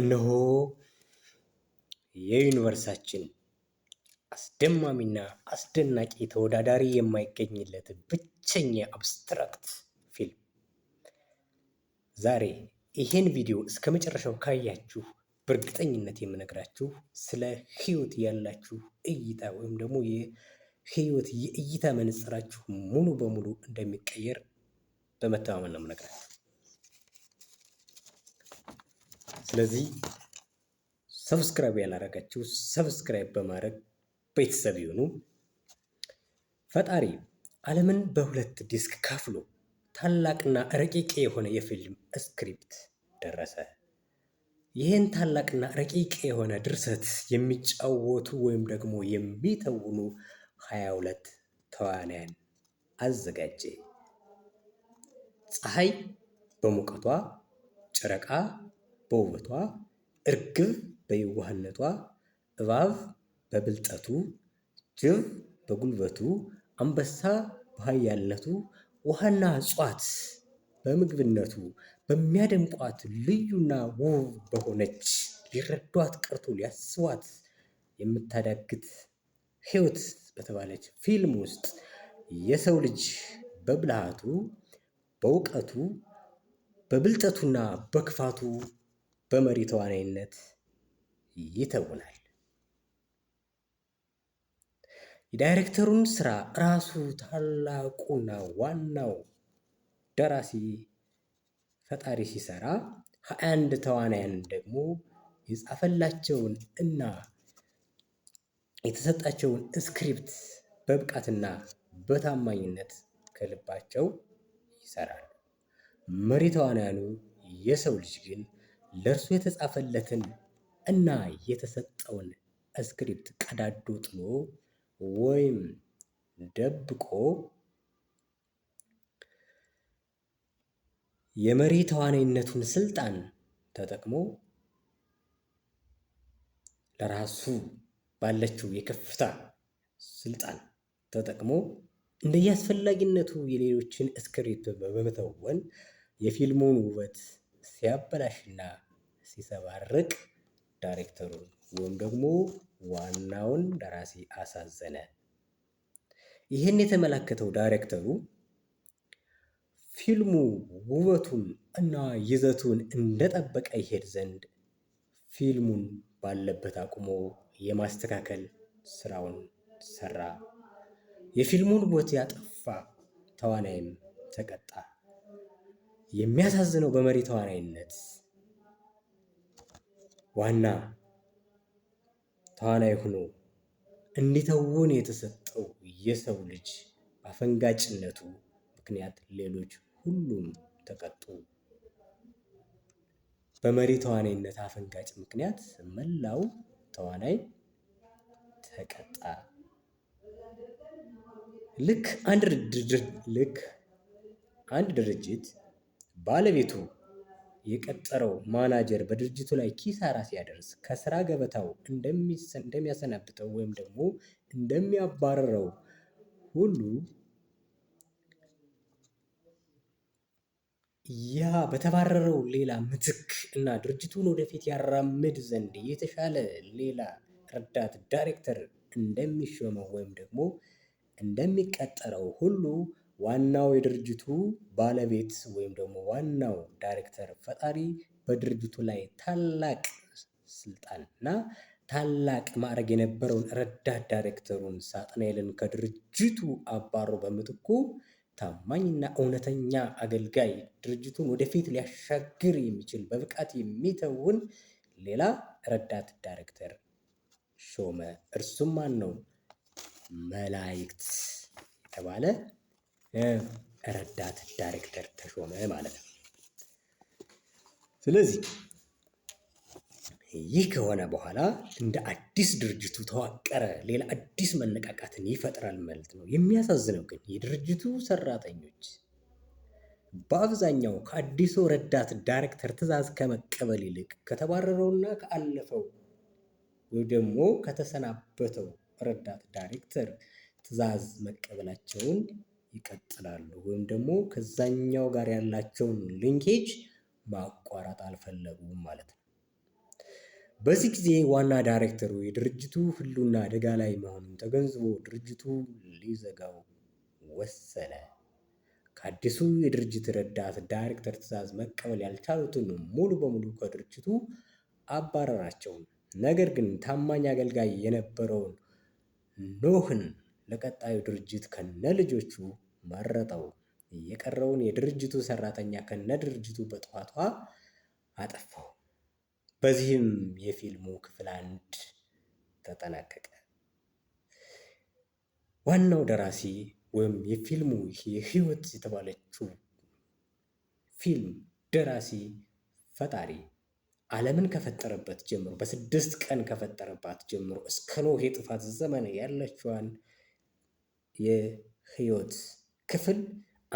እነሆ የዩኒቨርሳችን አስደማሚና አስደናቂ ተወዳዳሪ የማይገኝለት ብቸኛ አብስትራክት ፊልም። ዛሬ ይህን ቪዲዮ እስከ መጨረሻው ካያችሁ በእርግጠኝነት የምነግራችሁ ስለ ህይወት ያላችሁ እይታ ወይም ደግሞ የህይወት የእይታ መነጽራችሁ ሙሉ በሙሉ እንደሚቀየር በመተማመን ነው የምነግራችሁ። ስለዚህ ሰብስክራይብ ያላረጋችሁ ሰብስክራይብ በማድረግ ቤተሰብ ይሁኑ። ፈጣሪ ዓለምን በሁለት ዲስክ ከፍሎ ታላቅና ረቂቅ የሆነ የፊልም ስክሪፕት ደረሰ። ይህን ታላቅና ረቂቅ የሆነ ድርሰት የሚጫወቱ ወይም ደግሞ የሚተውኑ ሀያ ሁለት ተዋንያን አዘጋጀ። ፀሐይ በሙቀቷ ጨረቃ በውበቷ፣ እርግብ በየዋህነቷ፣ እባብ በብልጠቱ፣ ጅብ በጉልበቱ፣ አንበሳ በኃያልነቱ፣ ውሃና እጽዋት በምግብነቱ በሚያደምቋት ልዩና ውብ በሆነች ሊረዷት ቀርቶ ሊያስቧት የምታዳግት ህይወት በተባለች ፊልም ውስጥ የሰው ልጅ በብልሃቱ፣ በእውቀቱ፣ በብልጠቱና በክፋቱ በመሪ ተዋናይነት ይተውናል። የዳይሬክተሩን ስራ ራሱ ታላቁና ዋናው ደራሲ ፈጣሪ ሲሰራ ሀያ አንድ ተዋናያን ደግሞ የጻፈላቸውን እና የተሰጣቸውን ስክሪፕት በብቃትና በታማኝነት ከልባቸው ይሰራሉ። መሪ ተዋናያኑ የሰው ልጅ ግን ለእርሱ የተጻፈለትን እና የተሰጠውን እስክሪፕት ቀዳዶ ጥሎ ወይም ደብቆ የመሪ ተዋናይነቱን ስልጣን ተጠቅሞ ለራሱ ባለችው የከፍታ ስልጣን ተጠቅሞ እንደየአስፈላጊነቱ የሌሎችን እስክሪፕት በመተወን የፊልሙን ውበት ሲያበላሽና ሲሰባርቅ ዳይሬክተሩን ወይም ደግሞ ዋናውን ደራሲ አሳዘነ። ይህን የተመለከተው ዳይሬክተሩ ፊልሙ ውበቱን እና ይዘቱን እንደጠበቀ ይሄድ ዘንድ ፊልሙን ባለበት አቁሞ የማስተካከል ስራውን ሰራ። የፊልሙን ውበት ያጠፋ ተዋናይም ተቀጣ። የሚያሳዝነው በመሪ ተዋናይነት ዋና ተዋናይ ሆኖ እንዲተውን የተሰጠው የሰው ልጅ በአፈንጋጭነቱ ምክንያት ሌሎች ሁሉም ተቀጡ። በመሪ ተዋናይነት አፈንጋጭ ምክንያት መላው ተዋናይ ተቀጣ። ልክ አንድ ልክ አንድ ድርጅት ባለቤቱ የቀጠረው ማናጀር በድርጅቱ ላይ ኪሳራ ሲያደርስ ከስራ ገበታው እንደሚያሰናብተው ወይም ደግሞ እንደሚያባርረው ሁሉ ያ በተባረረው ሌላ ምትክ እና ድርጅቱን ወደፊት ያራምድ ዘንድ የተሻለ ሌላ ረዳት ዳይሬክተር እንደሚሾመው ወይም ደግሞ እንደሚቀጠረው ሁሉ ዋናው የድርጅቱ ባለቤት ወይም ደግሞ ዋናው ዳይሬክተር ፈጣሪ በድርጅቱ ላይ ታላቅ ስልጣን እና ታላቅ ማዕረግ የነበረውን ረዳት ዳይሬክተሩን ሳጥናኤልን ከድርጅቱ አባሮ በምትኩ ታማኝና እውነተኛ አገልጋይ ድርጅቱን ወደፊት ሊያሻግር የሚችል በብቃት የሚተውን ሌላ ረዳት ዳይሬክተር ሾመ። እርሱም ማን ነው? መላይክት የተባለ ረዳት ዳይሬክተር ተሾመ ማለት ነው። ስለዚህ ይህ ከሆነ በኋላ እንደ አዲስ ድርጅቱ ተዋቀረ፣ ሌላ አዲስ መነቃቃትን ይፈጥራል ማለት ነው። የሚያሳዝነው ግን የድርጅቱ ሰራተኞች በአብዛኛው ከአዲሱ ረዳት ዳይሬክተር ትዕዛዝ ከመቀበል ይልቅ ከተባረረውና ከአለፈው ወይ ደግሞ ከተሰናበተው ረዳት ዳይሬክተር ትዕዛዝ መቀበላቸውን ይቀጥላሉ ወይም ደግሞ ከዛኛው ጋር ያላቸውን ሊንኬጅ ማቋረጥ አልፈለጉም ማለት ነው። በዚህ ጊዜ ዋና ዳይሬክተሩ የድርጅቱ ህልውና አደጋ ላይ መሆኑን ተገንዝቦ ድርጅቱ ሊዘጋው ወሰነ። ከአዲሱ የድርጅት ረዳት ዳይሬክተር ትዕዛዝ መቀበል ያልቻሉትን ሙሉ በሙሉ ከድርጅቱ አባረራቸው። ነገር ግን ታማኝ አገልጋይ የነበረውን ኖህን ለቀጣዩ ድርጅት ከነልጆቹ መረጠው። የቀረውን የድርጅቱ ሰራተኛ ከነ ድርጅቱ በጠዋቷ አጠፋው። በዚህም የፊልሙ ክፍል አንድ ተጠናቀቀ። ዋናው ደራሲ ወይም የፊልሙ የህይወት የተባለችው ፊልም ደራሲ ፈጣሪ ዓለምን ከፈጠረበት ጀምሮ በስድስት ቀን ከፈጠረባት ጀምሮ እስከ ኖህ የጥፋት ዘመን ያለችዋን የህይወት ክፍል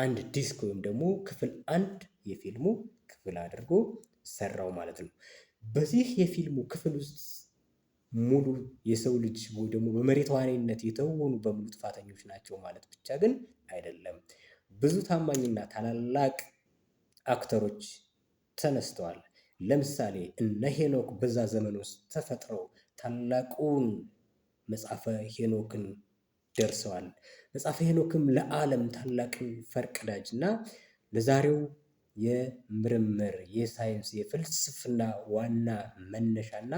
አንድ ዲስክ ወይም ደግሞ ክፍል አንድ የፊልሙ ክፍል አድርጎ ሰራው ማለት ነው። በዚህ የፊልሙ ክፍል ውስጥ ሙሉ የሰው ልጅ ወይ ደግሞ በመሬት ዋናነት የተወኑ በሙሉ ጥፋተኞች ናቸው ማለት ብቻ ግን አይደለም። ብዙ ታማኝና ታላላቅ አክተሮች ተነስተዋል። ለምሳሌ እነ ሄኖክ በዛ ዘመን ውስጥ ተፈጥረው ታላቁን መጽሐፈ ሄኖክን ደርሰዋል። መጽሐፈ ሄኖክም ለዓለም ታላቅ ፈርቀዳጅ እና ለዛሬው የምርምር የሳይንስ የፍልስፍና ዋና መነሻና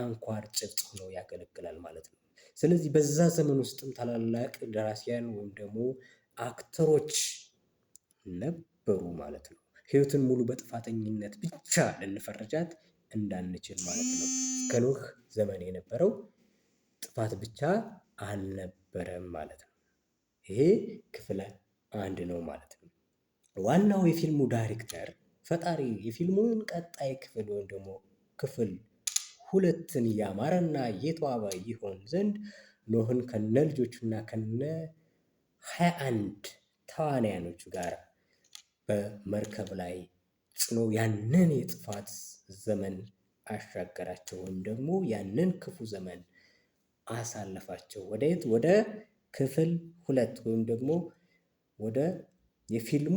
አንኳር ጭብጥ ሆኖ ያገለግላል ማለት ነው። ስለዚህ በዛ ዘመን ውስጥም ታላላቅ ደራሲያን ወይም ደግሞ አክተሮች ነበሩ ማለት ነው። ህይወትን ሙሉ በጥፋተኝነት ብቻ ልንፈርጃት እንዳንችል ማለት ነው። ከኖህ ዘመን የነበረው ጥፋት ብቻ አልነበረም ማለት ነው። ይሄ ክፍለ አንድ ነው ማለት ነው። ዋናው የፊልሙ ዳይሬክተር ፈጣሪ የፊልሙን ቀጣይ ክፍል ወይም ደግሞ ክፍል ሁለትን እያማረና እየተዋበ ይሆን ዘንድ ኖህን ከነ ልጆቹና ከነ ሀያ አንድ ተዋናያኖቹ ጋር በመርከብ ላይ ጽኖ ያንን የጥፋት ዘመን አሻገራቸው ወይም ደግሞ ያንን ክፉ ዘመን አሳለፋቸው። ወደየት ወደ ክፍል ሁለት ወይም ደግሞ ወደ የፊልሙ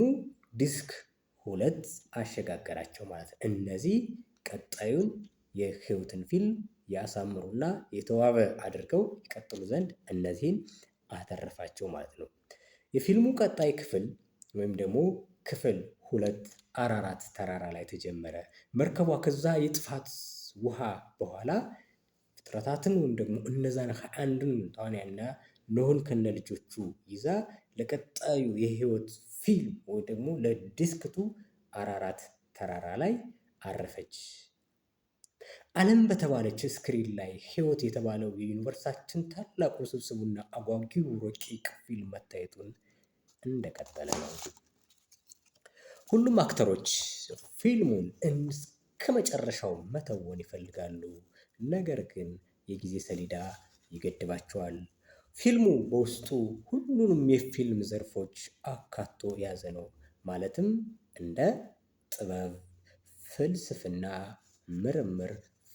ዲስክ ሁለት አሸጋገራቸው ማለት ነው። እነዚህ ቀጣዩን የህይወትን ፊልም ያሳምሩና የተዋበ አድርገው ይቀጥሉ ዘንድ እነዚህን አተረፋቸው ማለት ነው። የፊልሙ ቀጣይ ክፍል ወይም ደግሞ ክፍል ሁለት አራራት ተራራ ላይ ተጀመረ። መርከቧ ከዛ የጥፋት ውሃ በኋላ ፍጥረታትን ወይም ደግሞ እነዛን ከአንዱን ተዋንያና ኖህን ከነ ልጆቹ ይዛ ለቀጣዩ የህይወት ፊልም ወይ ደግሞ ለዲስክቱ አራራት ተራራ ላይ አረፈች። ዓለም በተባለች ስክሪን ላይ ህይወት የተባለው የዩኒቨርሳችን ታላቁ ስብስቡና አጓጊው ረቂቅ ፊልም መታየቱን እንደቀጠለ ነው። ሁሉም አክተሮች ፊልሙን እስከ መጨረሻው መተወን ይፈልጋሉ። ነገር ግን የጊዜ ሰሌዳ ይገድባቸዋል። ፊልሙ በውስጡ ሁሉንም የፊልም ዘርፎች አካቶ የያዘ ነው። ማለትም እንደ ጥበብ፣ ፍልስፍና፣ ምርምር፣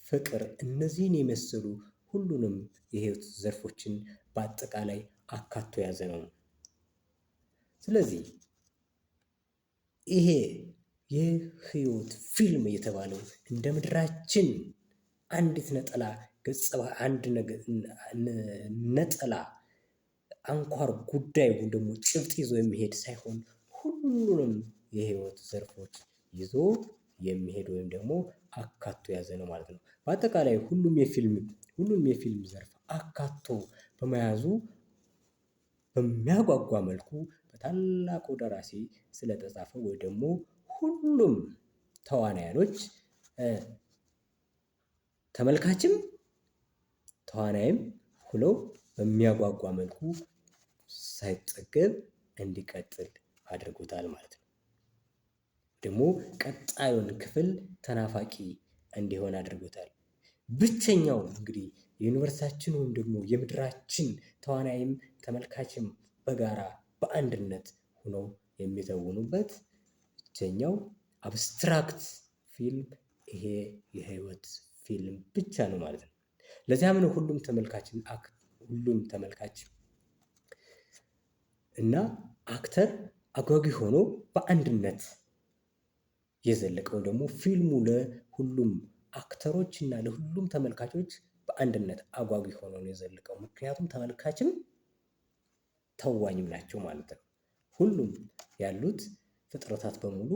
ፍቅር እነዚህን የመሰሉ ሁሉንም የህይወት ዘርፎችን በአጠቃላይ አካቶ የያዘ ነው። ስለዚህ ይሄ የህይወት ፊልም የተባለው እንደ ምድራችን አንዲት ነጠላ ገጽ አንድ ነጠላ አንኳር ጉዳይ ወይም ደግሞ ጭብጥ ይዞ የሚሄድ ሳይሆን ሁሉንም የህይወት ዘርፎች ይዞ የሚሄድ ወይም ደግሞ አካቶ የያዘ ነው ማለት ነው። በአጠቃላይ ሁሉም የፊልም ሁሉም የፊልም ዘርፍ አካቶ በመያዙ በሚያጓጓ መልኩ በታላቁ ደራሲ ስለተጻፈ ወይ ደግሞ ሁሉም ተዋናያኖች ተመልካችም ተዋናይም ሁነው በሚያጓጓ መልኩ ሳይጠገብ እንዲቀጥል አድርጎታል ማለት ነው። ደግሞ ቀጣዩን ክፍል ተናፋቂ እንዲሆን አድርጎታል። ብቸኛው እንግዲህ የዩኒቨርሲታችን ወይም ደግሞ የምድራችን ተዋናይም ተመልካችም በጋራ በአንድነት ሆኖ የሚተውኑበት ብቸኛው አብስትራክት ፊልም ይሄ የህይወት ፊልም ብቻ ነው ማለት ነው። ለዚያም ነው ሁሉም ተመልካች ሁሉም ተመልካች እና አክተር አጓጊ ሆኖ በአንድነት የዘለቀው ደግሞ ፊልሙ ለሁሉም አክተሮች እና ለሁሉም ተመልካቾች በአንድነት አጓጊ ሆኖ ነው የዘለቀው። ምክንያቱም ተመልካችም ተዋኝም ናቸው ማለት ነው። ሁሉም ያሉት ፍጥረታት በሙሉ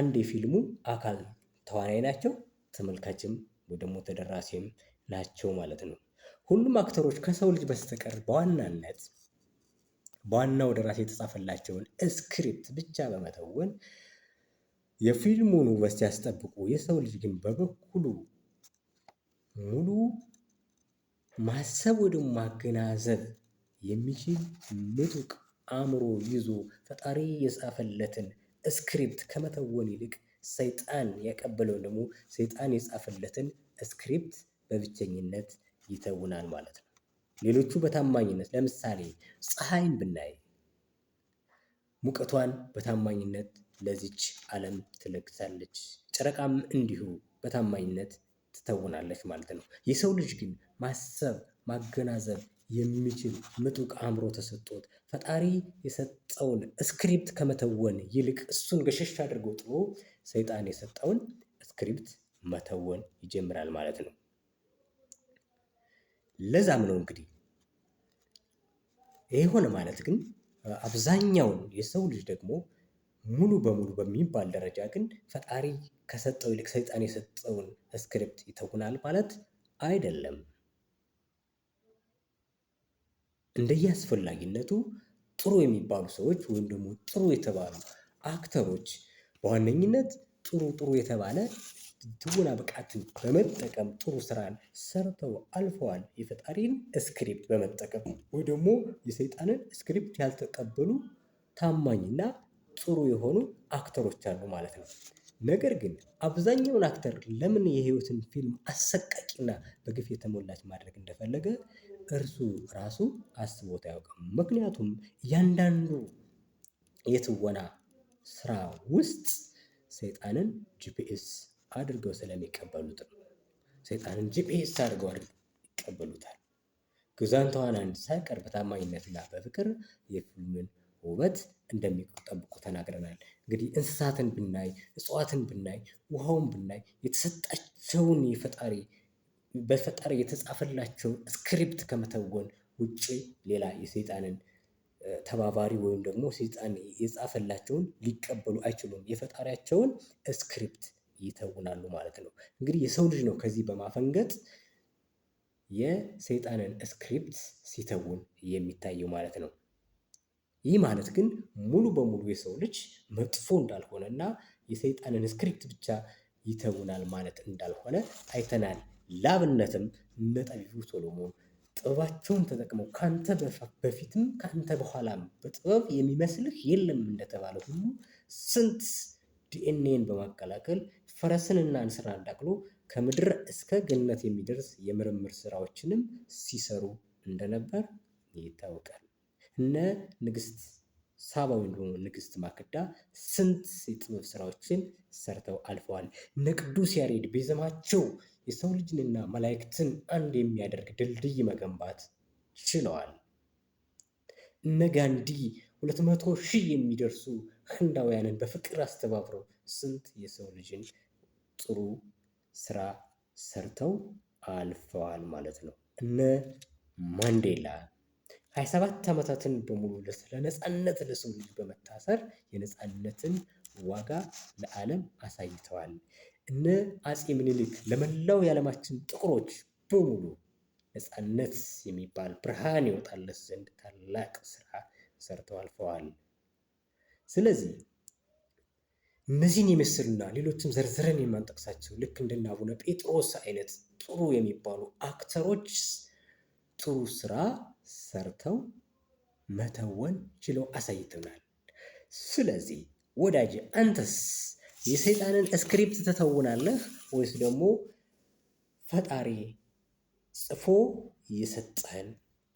አንድ የፊልሙ አካል ተዋናይ ናቸው፣ ተመልካችም ወይ ደግሞ ተደራሲም ናቸው ማለት ነው። ሁሉም አክተሮች ከሰው ልጅ በስተቀር በዋናነት በዋናው ደራሲ የተጻፈላቸውን ስክሪፕት ብቻ በመተወን የፊልሙን ውበት ሲያስጠብቁ፣ የሰው ልጅ ግን በበኩሉ ሙሉ ማሰብ ወደ ማገናዘብ የሚችል ምጡቅ አእምሮ ይዞ ፈጣሪ የጻፈለትን ስክሪፕት ከመተወን ይልቅ ሰይጣን የቀበለውን ደግሞ ሰይጣን የጻፈለትን ስክሪፕት በብቸኝነት ይተውናል ማለት ነው። ሌሎቹ በታማኝነት ለምሳሌ ፀሐይን ብናይ ሙቀቷን በታማኝነት ለዚች ዓለም ትለግሳለች። ጨረቃም እንዲሁ በታማኝነት ትተውናለች ማለት ነው። የሰው ልጅ ግን ማሰብ ማገናዘብ የሚችል ምጡቅ አእምሮ ተሰጥቶት ፈጣሪ የሰጠውን ስክሪፕት ከመተወን ይልቅ እሱን ገሸሽ አድርጎ ጥሎ ሰይጣን የሰጠውን ስክሪፕት መተወን ይጀምራል ማለት ነው። ለዛም ነው እንግዲህ ይህ ሆነ ማለት ግን አብዛኛውን የሰው ልጅ ደግሞ ሙሉ በሙሉ በሚባል ደረጃ ግን ፈጣሪ ከሰጠው ይልቅ ሰይጣን የሰጠውን ስክሪፕት ይተውናል ማለት አይደለም። እንደየ አስፈላጊነቱ ጥሩ የሚባሉ ሰዎች ወይም ደግሞ ጥሩ የተባሉ አክተሮች በዋነኝነት ጥሩ ጥሩ የተባለ ትወና ብቃትን በመጠቀም ጥሩ ስራን ሰርተው አልፈዋል። የፈጣሪን ስክሪፕት በመጠቀም ወይ ደግሞ የሰይጣንን ስክሪፕት ያልተቀበሉ ታማኝና ጥሩ የሆኑ አክተሮች አሉ ማለት ነው። ነገር ግን አብዛኛውን አክተር ለምን የህይወትን ፊልም አሰቃቂና በግፍ የተሞላች ማድረግ እንደፈለገ እርሱ ራሱ አስቦት አያውቅም። ምክንያቱም እያንዳንዱ የትወና ስራ ውስጥ ሰይጣንን ጂፒኤስ አድርገው ስለሚቀበሉት ነው። ሰይጣንን ጂፒኤስ አድርገው ይቀበሉታል። ግዛን ተዋናንድ ሳይቀር በታማኝነትና በፍቅር የፊልምን ውበት እንደሚጠብቁ ተናግረናል። እንግዲህ እንስሳትን ብናይ፣ እጽዋትን ብናይ፣ ውሃውን ብናይ የተሰጣቸውን የፈጣሪ በፈጣሪ የተጻፈላቸውን ስክሪፕት ከመተወን ውጭ ሌላ የሰይጣንን ተባባሪ ወይም ደግሞ ሰይጣን የጻፈላቸውን ሊቀበሉ አይችሉም። የፈጣሪያቸውን ስክሪፕት ይተውናሉ ማለት ነው። እንግዲህ የሰው ልጅ ነው ከዚህ በማፈንገጥ የሰይጣንን ስክሪፕት ሲተውን የሚታየው ማለት ነው። ይህ ማለት ግን ሙሉ በሙሉ የሰው ልጅ መጥፎ እንዳልሆነ እና የሰይጣንን ስክሪፕት ብቻ ይተውናል ማለት እንዳልሆነ አይተናል። ላብነትም እነ ጠቢቡ ሶሎሞን ጥበባቸውን ተጠቅመው ከአንተ በፊትም ከአንተ በኋላም በጥበብ የሚመስልህ የለም እንደተባለ ሁሉ ስንት ዲኤንኤን በማቀላቀል ፈረስንና እንስራን ዳቅሎ ከምድር እስከ ገነት የሚደርስ የምርምር ስራዎችንም ሲሰሩ እንደነበር ይታወቃል። እነ ንግስት ሳባ ወይም ደግሞ ንግስት ማክዳ ስንት የጥበብ ስራዎችን ሰርተው አልፈዋል። እነ ቅዱስ ያሬድ የሰው ልጅንና መላእክትን አንድ የሚያደርግ ድልድይ መገንባት ችለዋል። እነ ጋንዲ ሁለት መቶ ሺህ የሚደርሱ ህንዳውያንን በፍቅር አስተባብረው ስንት የሰው ልጅን ጥሩ ስራ ሰርተው አልፈዋል ማለት ነው። እነ ማንዴላ 27 ዓመታትን በሙሉ ለነፃነት ለሰው ልጅ በመታሰር የነፃነትን ዋጋ ለዓለም አሳይተዋል። እነ አፄ ምኒልክ ለመላው የዓለማችን ጥቁሮች በሙሉ ነፃነት የሚባል ብርሃን ይወጣለት ዘንድ ታላቅ ስራ ሰርተው አልፈዋል። ስለዚህ እነዚህን የመሰሉና ሌሎችም ዘርዝረን የማንጠቅሳቸው ልክ እንደነ አቡነ ጴጥሮስ አይነት ጥሩ የሚባሉ አክተሮች ጥሩ ስራ ሰርተው መተወን ችለው አሳይተናል ስለዚህ ወዳጅ አንተስ የሰይጣንን ስክሪፕት ትተውናለህ ወይስ ደግሞ ፈጣሪ ጽፎ የሰጠህን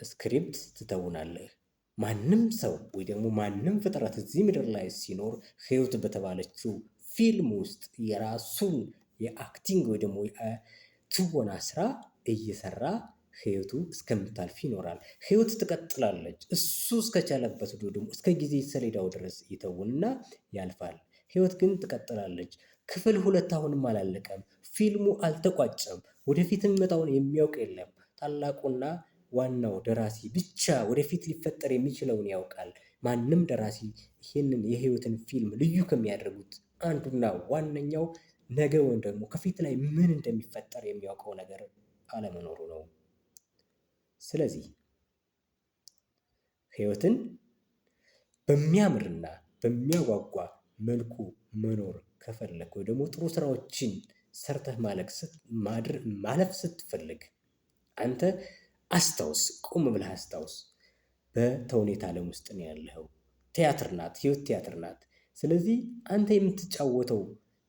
ስክሪፕት ትተውናለህ? ማንም ሰው ወይ ደግሞ ማንም ፍጥረት እዚህ ምድር ላይ ሲኖር ህይወት በተባለችው ፊልም ውስጥ የራሱን የአክቲንግ ወይ ደግሞ ትወና ስራ እየሰራ ህይወቱ እስከምታልፍ ይኖራል። ህይወት ትቀጥላለች። እሱ እስከቻለበት ደግሞ እስከ ጊዜ ሰሌዳው ድረስ ይተውንና ያልፋል። ህይወት ግን ትቀጥላለች። ክፍል ሁለት አሁንም አላለቀም። ፊልሙ አልተቋጨም። ወደፊት የሚመጣውን የሚያውቅ የለም። ታላቁና ዋናው ደራሲ ብቻ ወደፊት ሊፈጠር የሚችለውን ያውቃል። ማንም ደራሲ ይህንን የህይወትን ፊልም ልዩ ከሚያደርጉት አንዱና ዋነኛው ወይም ደግሞ ከፊት ላይ ምን እንደሚፈጠር የሚያውቀው ነገር አለመኖሩ ነው። ስለዚህ ህይወትን በሚያምርና በሚያጓጓ መልኩ መኖር ከፈለግ ወይ ደግሞ ጥሩ ስራዎችን ሰርተህ ማለፍ ስትፈልግ አንተ አስታውስ፣ ቆም ብለህ አስታውስ። በተውኔት ዓለም ውስጥ ነው ያለኸው። ቲያትር ናት ህይወት፣ ቲያትር ናት። ስለዚህ አንተ የምትጫወተው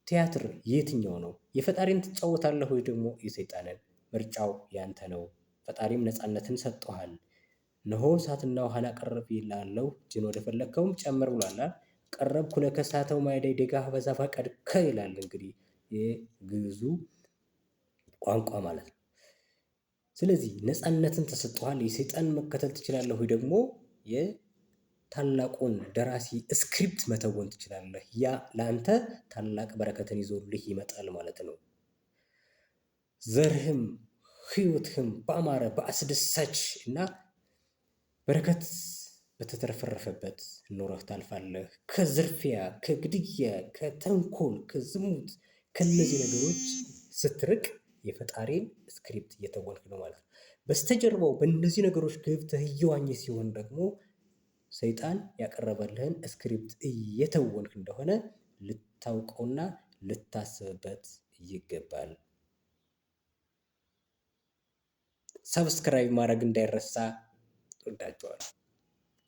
ቲያትር የትኛው ነው? የፈጣሪን ትጫወታለህ ወይ ደግሞ የሰይጣንን? ምርጫው ያንተ ነው። ፈጣሪም ነፃነትን ሰጥቷል። እነሆ እሳትና ውሃ ላቀረብ ይላለው ጅን ወደ ፈለግከውም ጨምር ብሏል። ቀረብኩ ለከ እሳተው ማይዳይ ደጋ በዛ ፈቀድከ ይላል። እንግዲህ የግዕዙ ቋንቋ ማለት ነው። ስለዚህ ነፃነትን ተሰጥቷል። የሰይጣን መከተል ትችላለህ ወይ ደግሞ የታላቁን ደራሲ ስክሪፕት መተወን ትችላለህ። ያ ለአንተ ታላቅ በረከትን ይዞልህ ይመጣል ማለት ነው። ዘርህም ህይወትህም በአማረ በአስደሳች እና በረከት በተትረፈረፈበት ኖረህ ታልፋለህ። ከዝርፊያ፣ ከግድያ፣ ከተንኮል፣ ከዝሙት ከነዚህ ነገሮች ስትርቅ የፈጣሪን ስክሪፕት እየተወንክ ነው ማለት ነው። በስተጀርባው በእነዚህ ነገሮች ገብተህ እየዋኘ ሲሆን ደግሞ ሰይጣን ያቀረበልህን ስክሪፕት እየተወንክ እንደሆነ ልታውቀውና ልታስብበት ይገባል። ሰብስክራይብ ማድረግ እንዳይረሳ። ወዳችኋለሁ።